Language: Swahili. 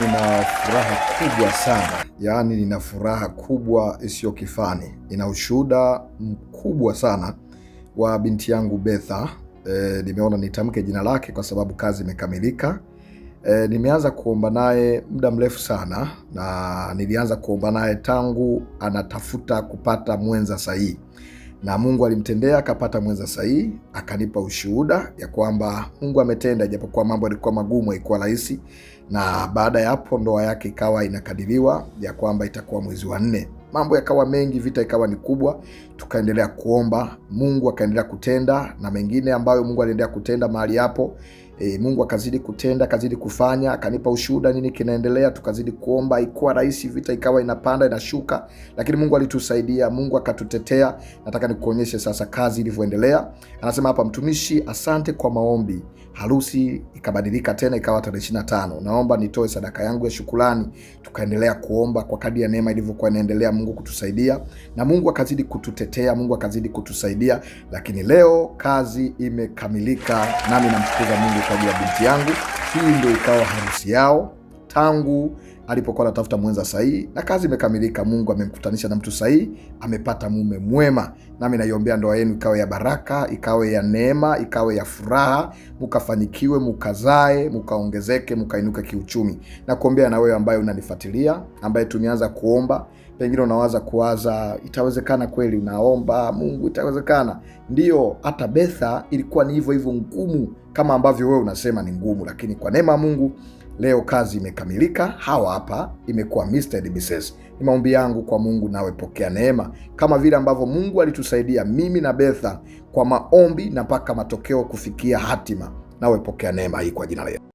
Nina furaha kubwa sana, yaani nina furaha kubwa isiyo kifani. Ina ushuhuda mkubwa sana wa binti yangu Betha. E, nimeona nitamke jina lake kwa sababu kazi imekamilika. E, nimeanza kuomba naye muda mrefu sana, na nilianza kuomba naye tangu anatafuta kupata mwenza sahihi na Mungu alimtendea akapata mwenza sahihi, akanipa ushuhuda ya kwamba Mungu ametenda, japokuwa mambo yalikuwa magumu, haikuwa rahisi. Na baada ya hapo ndoa yake ikawa inakadiriwa ya kwamba itakuwa mwezi wa nne. Mambo yakawa mengi, vita ikawa ni kubwa, tukaendelea kuomba Mungu akaendelea kutenda, na mengine ambayo Mungu aliendelea kutenda mahali hapo E, Mungu akazidi kutenda, akazidi kufanya, akanipa ushuhuda nini kinaendelea, tukazidi kuomba. ikuwa rahisi, vita ikawa inapanda inashuka, lakini Mungu alitusaidia, Mungu akatutetea. Nataka nikuonyeshe sasa kazi ilivyoendelea. Anasema hapa mtumishi, asante kwa maombi. Harusi ikabadilika tena, ikawa tarehe 25. Naomba nitoe sadaka yangu ya shukrani. Tukaendelea kuomba kwa kadri ya neema ilivyokuwa inaendelea, Mungu kutusaidia na Mungu akazidi kututetea, Mungu akazidi kutusaidia, lakini leo kazi imekamilika, nami namtukuza Mungu kwa ajili ya binti yangu. Hii ndio ikawa harusi yao tangu alipokuwa anatafuta mwenza sahihi, na kazi imekamilika. Mungu amemkutanisha na mtu sahihi, amepata mume mwema. Nami naiombea ndoa yenu ikawe ya baraka, ikawe ya neema, ikawe ya furaha, mukafanikiwe, mukazae, mukaongezeke, mukainuka kiuchumi. Na kuombea na wewe ambaye unanifuatilia, ambaye tumeanza kuomba Pengine unawaza kuwaza, itawezekana kweli? Unaomba Mungu, itawezekana. Ndiyo, hata Betha ilikuwa ni hivyo hivyo, ngumu kama ambavyo wewe unasema ni ngumu, lakini kwa neema ya Mungu leo kazi imekamilika. Hawa hapa imekuwa Mr. Debesesi. Ni maombi yangu kwa Mungu, nawe pokea neema kama vile ambavyo Mungu alitusaidia mimi na Betha kwa maombi na mpaka matokeo kufikia hatima, nawe pokea neema hii kwa jina la Yesu.